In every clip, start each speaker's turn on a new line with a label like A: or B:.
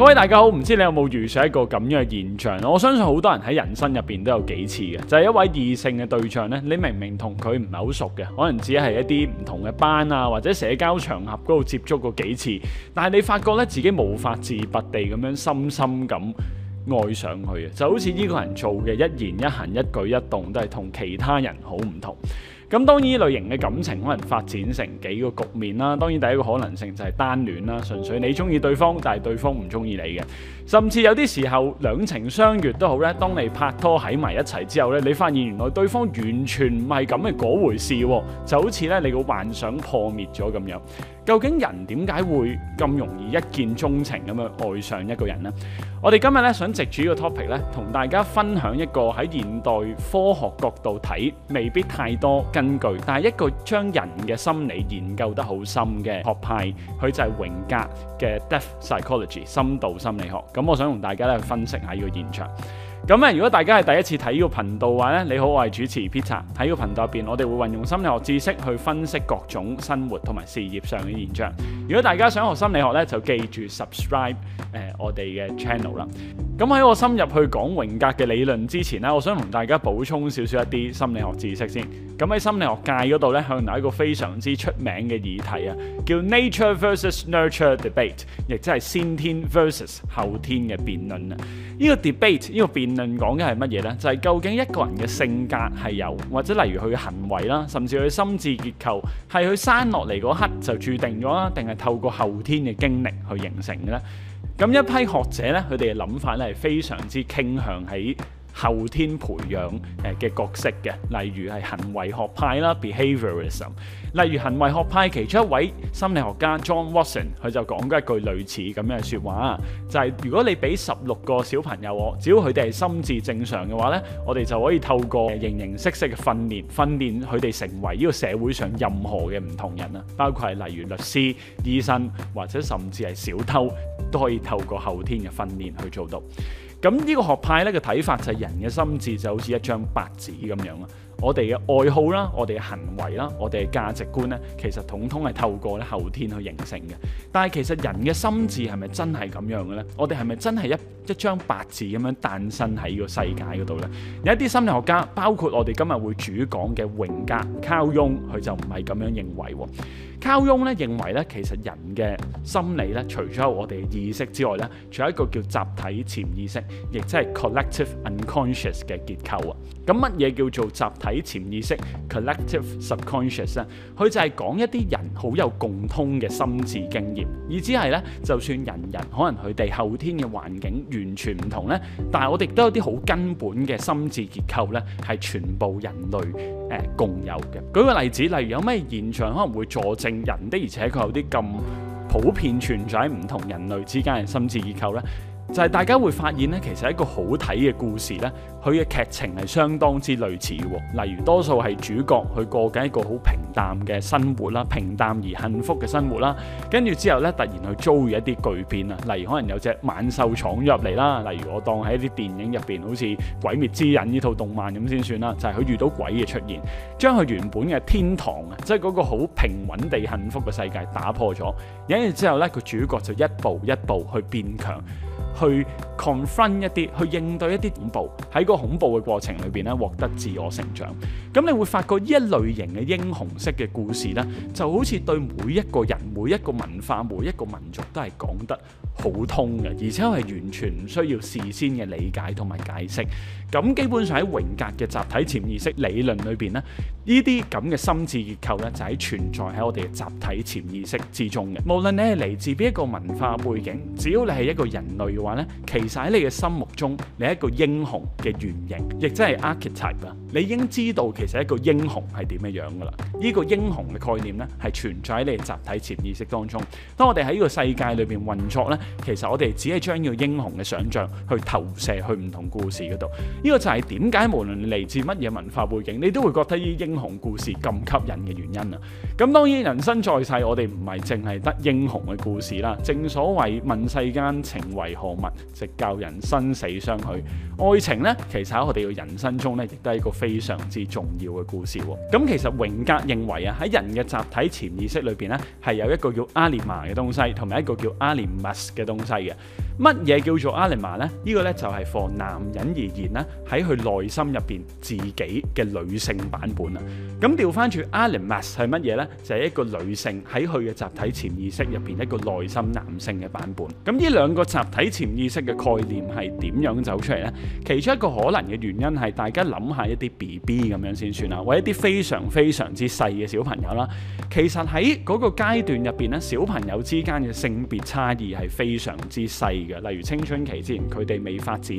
A: 各位大家好，唔知你有冇遇上一個咁樣嘅現象。我相信好多人喺人生入邊都有幾次嘅，就係一位異性嘅對象呢。呢你明明同佢唔係好熟嘅，可能只係一啲唔同嘅班啊，或者社交場合嗰度接觸過幾次，但係你發覺咧自己無法自拔地咁樣深深咁愛上佢嘅，就好似呢個人做嘅一言一行、一舉一動都係同其他人好唔同。咁當呢類型嘅感情可能發展成幾個局面啦。當然第一個可能性就係單戀啦，純粹你中意對方，但係對方唔中意你嘅。甚至有啲時候兩情相悅都好咧。當你拍拖喺埋一齊之後咧，你發現原來對方完全唔係咁嘅嗰回事喎、哦。就好似咧你個幻想破滅咗咁樣。究竟人點解會咁容易一見鍾情咁樣愛上一個人呢？我哋今日咧想藉住呢個 topic 咧，同大家分享一個喺現代科學角度睇未必太多。根據，但係一個將人嘅心理研究得好深嘅學派，佢就係榮格嘅 depth psychology 深度心理學。咁我想同大家咧分析下呢個現象。咁咧，如果大家係第一次睇呢個頻道嘅話咧，你好，我係主持 Peter。喺呢個頻道入邊，我哋會運用心理學知識去分析各種生活同埋事業上嘅現象。如果大家想學心理學咧，就記住 subscribe 誒、呃、我哋嘅 channel 啦。咁喺我深入去講榮格嘅理論之前咧，我想同大家補充少少一啲心理學知識先。咁喺心理學界嗰度咧，向來一個非常之出名嘅議題啊，叫 nature versus nurture debate，亦即係先天 versus 後天嘅辯論啊。呢個 debate 呢個辯論講嘅係乜嘢呢？就係究竟一個人嘅性格係有，或者例如佢嘅行為啦，甚至佢心智結構，係佢生落嚟嗰刻就註定咗啊，定係透過後天嘅經歷去形成嘅呢？咁一批學者咧，佢哋嘅諗法咧係非常之傾向喺後天培養誒嘅角色嘅，例如係行為學派啦 behaviourism，例如行為學派其中一位心理學家 John Watson，佢就講過一句類似咁樣嘅說話，就係如果你俾十六個小朋友，我只要佢哋係心智正常嘅話咧，我哋就可以透過形形色色嘅訓練，訓練佢哋成為呢個社會上任何嘅唔同人啊，包括係例如律師、醫生或者甚至係小偷。都可以透過後天嘅訓練去做到。咁呢個學派咧嘅睇法就係人嘅心智就好似一張白紙咁樣咯。我哋嘅愛好啦，我哋嘅行為啦，我哋嘅價值觀咧，其實統統係透過咧後天去形成嘅。但係其實人嘅心智係咪真係咁樣嘅咧？我哋係咪真係一一張白紙咁樣誕生喺個世界嗰度咧？有一啲心理學家，包括我哋今日會主講嘅榮格、Carl Jung，佢就唔係咁樣認為喎。Carl Jung 咧認為咧，其實人嘅心理咧，除咗有我哋嘅意識之外咧，仲有一個叫集體潛意識，亦即係 collective unconscious 嘅結構啊。咁乜嘢叫做集體？喺潛意識 Collective Subconscious 咧，佢就係講一啲人好有共通嘅心智經驗，而只係咧，就算人人可能佢哋後天嘅環境完全唔同咧，但係我哋都有啲好根本嘅心智結構咧，係全部人類誒、呃、共有嘅。舉個例子，例如有咩現象可能會助證人的，而且佢有啲咁普遍存在唔同人類之間嘅心智結構咧？就係大家會發現咧，其實一個好睇嘅故事咧，佢嘅劇情係相當之類似喎。例如多數係主角去過緊一個好平淡嘅生活啦，平淡而幸福嘅生活啦。跟住之後咧，突然去遭遇一啲巨變啊，例如可能有隻猛獸闖入嚟啦。例如我當喺一啲電影入邊，好似《鬼滅之刃》呢套動漫咁先算啦。就係、是、佢遇到鬼嘅出現，將佢原本嘅天堂，啊，即係嗰個好平穩地幸福嘅世界打破咗。跟住之後咧，佢主角就一步一步去變強。去 confront 一啲，去應對一啲恐怖，喺個恐怖嘅過程裏邊咧，獲得自我成長。咁你會發覺呢一類型嘅英雄式嘅故事咧，就好似對每一個人、每一個文化、每一個民族都係講得好通嘅，而且係完全唔需要事先嘅理解同埋解釋。咁基本上喺榮格嘅集體潛意識理論裏邊咧，呢啲咁嘅心智結構咧，就係存在喺我哋嘅集體潛意識之中嘅。無論你係嚟自邊一個文化背景，只要你係一個人類嘅話，其實喺你嘅心目中，你係一個英雄嘅原型，亦即係 archetype 啊。你已經知道其實一個英雄係點樣嘅噶啦，呢個英雄嘅概念呢，係存在喺你集體潛意識當中。當我哋喺呢個世界裏邊運作呢，其實我哋只係將呢個英雄嘅想像去投射去唔同故事嗰度。呢個就係點解無論你嚟自乜嘢文化背景，你都會覺得呢啲英雄故事咁吸引嘅原因啊！咁當然人生在世，我哋唔係淨係得英雄嘅故事啦。正所謂問世間情為何物，直教人生死相許。愛情呢，其實喺我哋嘅人生中呢，亦都係一個非常之重要嘅故事咁、哦嗯、其實榮格認為啊，喺人嘅集體潛意識裏邊咧，係有一個叫阿尼瑪嘅東西，同埋一個叫阿尼姆斯嘅東西嘅。乜嘢叫做阿尼瑪咧？呢、這個咧就係 for 男人而言咧，喺佢內心入邊自己嘅女性版本啊。咁調翻轉阿尼瑪斯係乜嘢呢？就係、是、一個女性喺佢嘅集體潛意識入邊一個內心男性嘅版本。咁呢兩個集體潛意識嘅概念係點樣走出嚟呢？其中一個可能嘅原因係大家諗下一啲 BB 咁樣先算啦，或者一啲非常非常之細嘅小朋友啦。其實喺嗰個階段入邊呢，小朋友之間嘅性別差異係非常之細。例如青春期之前，佢哋未發展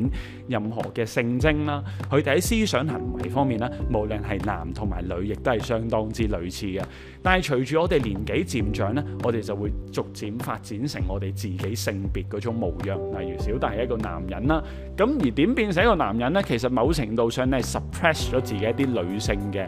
A: 任何嘅性徵啦，佢哋喺思想行為方面咧，無論係男同埋女，亦都係相當之類似嘅。但係隨住我哋年紀漸長咧，我哋就會逐漸發展成我哋自己性別嗰種模樣，例如小弟係一個男人啦。咁而點變成一個男人咧？其實某程度上係 suppress 咗自己一啲女性嘅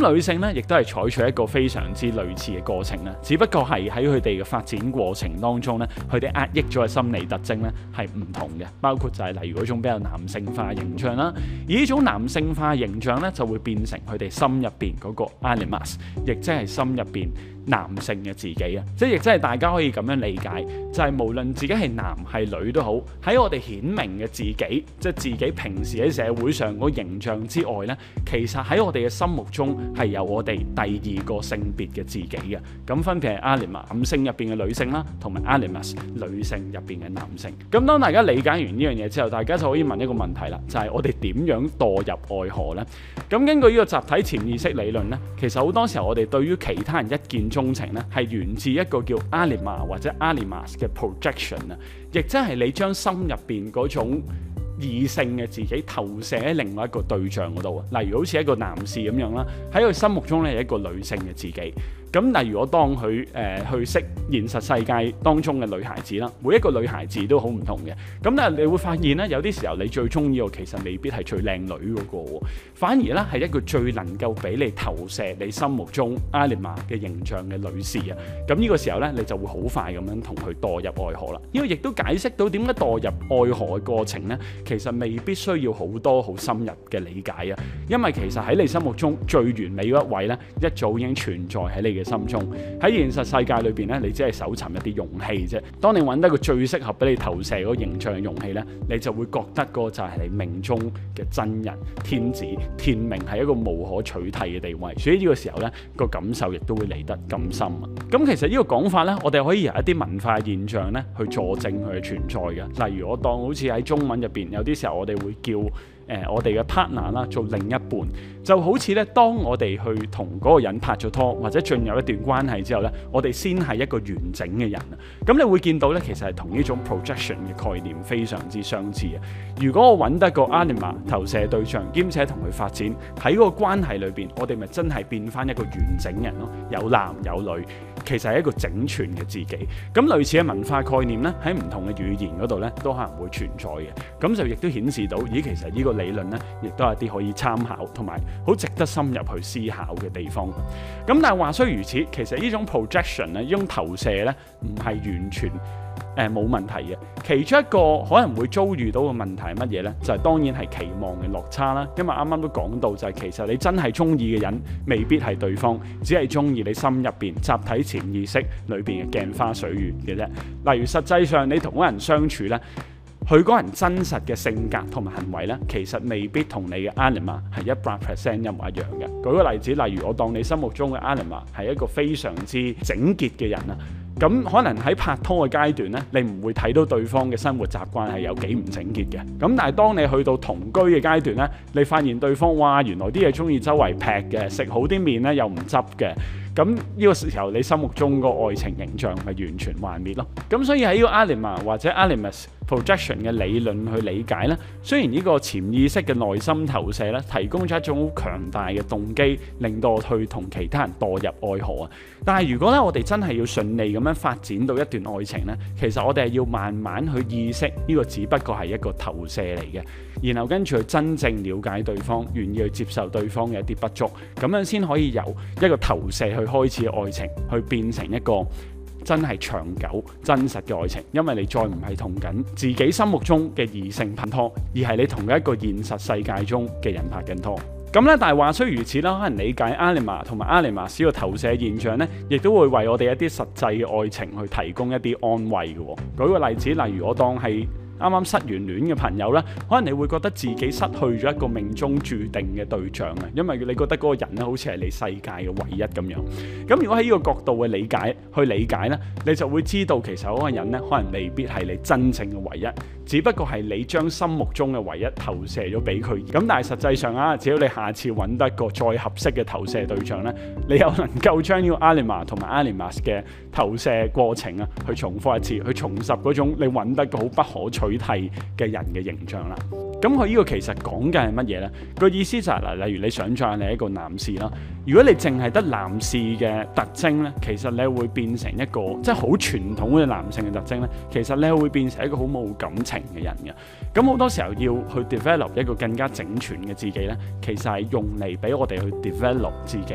A: 嗯、女性咧，亦都係採取一個非常之類似嘅過程咧，只不過係喺佢哋嘅發展過程當中咧，佢哋壓抑咗嘅心理特徵咧係唔同嘅，包括就係例如嗰種比較男性化形象啦，而呢種男性化形象咧就會變成佢哋心入邊嗰個 animus，亦即係心入邊。男性嘅自己啊，即係亦真係大家可以咁樣理解，就係、是、無論自己係男係女都好，喺我哋顯明嘅自己，即、就、係、是、自己平時喺社會上個形象之外咧，其實喺我哋嘅心目中係有我哋第二個性別嘅自己嘅，咁分別係 anima 男性入邊嘅女性啦，同埋 animus 女性入邊嘅男性。咁當大家理解完呢樣嘢之後，大家就可以問一個問題啦，就係、是、我哋點樣墮入愛河咧？咁根據呢個集體潛意識理論咧，其實好多時候我哋對於其他人一見。鍾情咧係源自一個叫 Anima 或者 Animus 嘅 projection 啊，亦即係你將心入邊嗰種異性嘅自己投射喺另外一個對象嗰度，例如好似一個男士咁樣啦，喺佢心目中咧係一個女性嘅自己。咁但如果當佢誒、呃、去識現實世界當中嘅女孩子啦，每一個女孩子都好唔同嘅。咁但係你會發現咧，有啲時候你最中意嘅其實未必係最靚女嗰個喎，反而咧係一個最能夠俾你投射你心目中阿尼瑪嘅形象嘅女士啊。咁呢個時候咧，你就會好快咁樣同佢墮入愛河啦。因為亦都解釋到點解墮入愛河嘅過程咧，其實未必需要好多好深入嘅理解啊。因為其實喺你心目中最完美嗰一位咧，一早已經存在喺你嘅心中喺現實世界裏邊咧，你只係搜尋一啲容器啫。當你揾到一個最適合俾你投射嗰個形象嘅容器咧，你就會覺得個就係你命中嘅真人天子天命，係一個無可取替嘅地位。所以呢個時候咧，個感受亦都會嚟得咁深。咁其實呢個講法咧，我哋可以由一啲文化現象咧去佐證佢嘅存在嘅。例如我當好似喺中文入邊，有啲時候我哋會叫。誒、呃，我哋嘅 partner 啦，做另一半就好似咧，當我哋去同嗰個人拍咗拖，或者進入一段關係之後咧，我哋先係一個完整嘅人啊。咁你會見到咧，其實係同呢種 projection 嘅概念非常之相似啊。如果我揾得個 anima 投射對象，兼且同佢發展喺個關係裏邊，我哋咪真係變翻一個完整人咯，有男有女，其實係一個整全嘅自己。咁類似嘅文化概念咧，喺唔同嘅語言嗰度咧，都可能會存在嘅。咁就亦都顯示到，咦，其實呢、這個。理論呢，亦都係一啲可以參考同埋好值得深入去思考嘅地方。咁、嗯、但係話雖如此，其實呢種 projection 呢種投射呢，唔係完全誒冇、呃、問題嘅。其中一個可能會遭遇到嘅問題係乜嘢呢？就係、是、當然係期望嘅落差啦。因為啱啱都講到就係、是，其實你真係中意嘅人未必係對方，只係中意你心入邊集體潛意識裏邊嘅鏡花水月嘅啫。例如實際上你同嗰人相處呢。佢嗰人真實嘅性格同埋行為咧，其實未必同你嘅 anima 係一百 percent 一模一樣嘅。舉個例子，例如我當你心目中嘅 anima 係一個非常之整潔嘅人啦，咁可能喺拍拖嘅階段咧，你唔會睇到對方嘅生活習慣係有幾唔整潔嘅。咁但係當你去到同居嘅階段咧，你發現對方哇，原來啲嘢中意周圍撇嘅，食好啲麵咧又唔執嘅，咁呢個時候你心目中個愛情形象係完全幻滅咯。咁所以喺呢個 anima 或者 animus。projection 嘅理論去理解咧，雖然呢個潛意識嘅內心投射呢，提供咗一種好強大嘅動機，令到我去同其他人墮入愛河啊！但係如果咧，我哋真係要順利咁樣發展到一段愛情呢，其實我哋係要慢慢去意識呢個只不過係一個投射嚟嘅，然後跟住去真正了解對方，願意去接受對方嘅一啲不足，咁樣先可以由一個投射去開始愛情，去變成一個。真係長久真實嘅愛情，因為你再唔係同緊自己心目中嘅異性拍拖，而係你同一個現實世界中嘅人拍緊拖。咁咧，但係話雖如此啦，可能理解阿尼瑪同埋阿尼瑪斯嘅投射現象咧，亦都會為我哋一啲實際嘅愛情去提供一啲安慰嘅哦。舉個例子，例如我當係。啱啱失完戀嘅朋友咧，可能你會覺得自己失去咗一個命中注定嘅對象啊，因為你覺得嗰個人咧好似係你世界嘅唯一咁樣，咁如果喺呢個角度嘅理解去理解咧，你就會知道其實嗰個人咧可能未必係你真正嘅唯一，只不過係你將心目中嘅唯一投射咗俾佢。咁但係實際上啊，只要你下次揾得個再合適嘅投射對象咧，你又能夠將呢個 anima 同埋 animus 嘅投射過程啊去重複一次，去重拾嗰種你揾得個好不可取。取替嘅人嘅形象啦，咁佢呢個其實講嘅係乜嘢咧？這個意思就係、是、嗱，例如你想象你一個男士啦。如果你淨係得男士嘅特徵呢，其實你係會變成一個即係好傳統嘅男性嘅特徵呢，其實你係會變成一個好冇感情嘅人嘅。咁好多時候要去 develop 一個更加整全嘅自己呢，其實係用嚟俾我哋去 develop 自己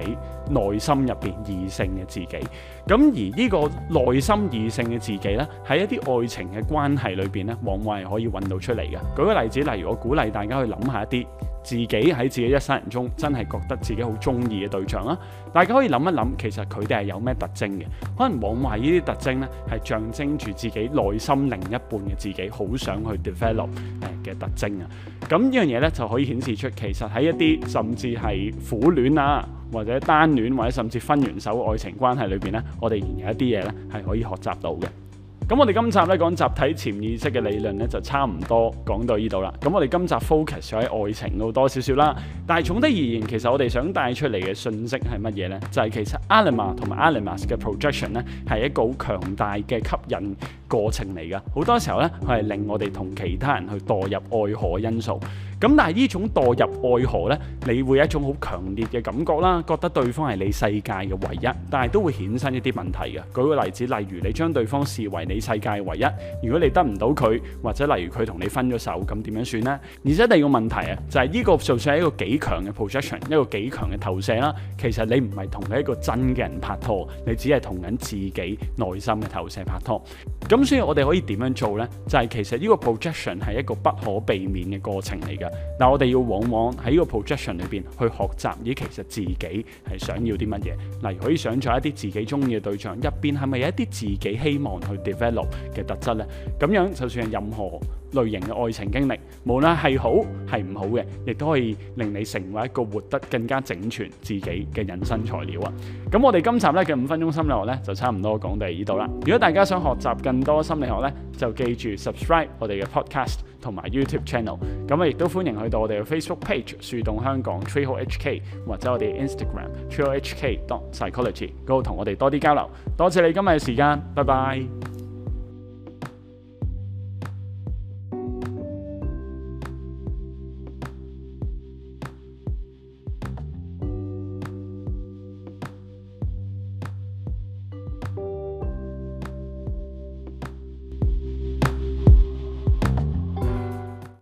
A: 內心入邊異性嘅自己。咁而呢個內心異性嘅自己呢，喺一啲愛情嘅關係裏邊呢，往往係可以揾到出嚟嘅。舉個例子，例如我鼓勵大家去諗下一啲自己喺自己一生人中真係覺得自己好中意嘅對象啦，大家可以諗一諗其實佢哋係有咩特徵嘅？可能往往係呢啲特徵咧，係象徵住自己內心另一半嘅自己好想去 develop 嘅、呃、特徵啊。咁呢樣嘢咧就可以顯示出其實喺一啲甚至係苦戀啊或者單戀或者甚至分完手嘅愛情關係裏邊咧，我哋仍然有一啲嘢咧係可以學習到嘅。咁我哋今集咧講集體潛意識嘅理論咧就差唔多講到呢度啦。咁我哋今集 focus 喺愛情度多少少啦。但係總的而言，其實我哋想帶出嚟嘅訊息係乜嘢咧？就係其實 Anima 同埋 Animus 嘅 projection 咧係一個好強大嘅吸引過程嚟噶。好多時候咧，佢係令我哋同其他人去墮入愛河嘅因素。咁但係呢種墮入愛河呢，你會有一種好強烈嘅感覺啦，覺得對方係你世界嘅唯一，但係都會衍生一啲問題嘅。舉個例子，例如你將對方視為你世界唯一，如果你得唔到佢，或者例如佢同你分咗手，咁點樣算呢？而且第二個問題啊，就係呢個就算係一個幾強嘅 projection，一個幾強嘅投射啦。其實你唔係同佢一個真嘅人拍拖，你只係同緊自己內心嘅投射拍拖。咁所以我哋可以點樣做呢？就係其實呢個 projection 係一個不可避免嘅過程嚟嘅。嗱，我哋要往往喺呢個 projection 裏邊去學習，咦，其實自己係想要啲乜嘢。嗱，可以想象一啲自己中意嘅對象，入邊，係咪有一啲自己希望去 develop 嘅特質咧？咁樣就算係任何。類型嘅愛情經歷，無論係好係唔好嘅，亦都可以令你成為一個活得更加整全自己嘅人生材料啊！咁我哋今集咧嘅五分鐘心理學咧，就差唔多講到呢度啦。如果大家想學習更多心理學咧，就記住 subscribe 我哋嘅 podcast 同埋 YouTube channel。咁我亦都歡迎去到我哋嘅 Facebook page 樹洞香港 Treehole HK 或者我哋 Instagram Treehole HK dot Psychology，度同我哋多啲交流。多謝你今日嘅時間，拜拜。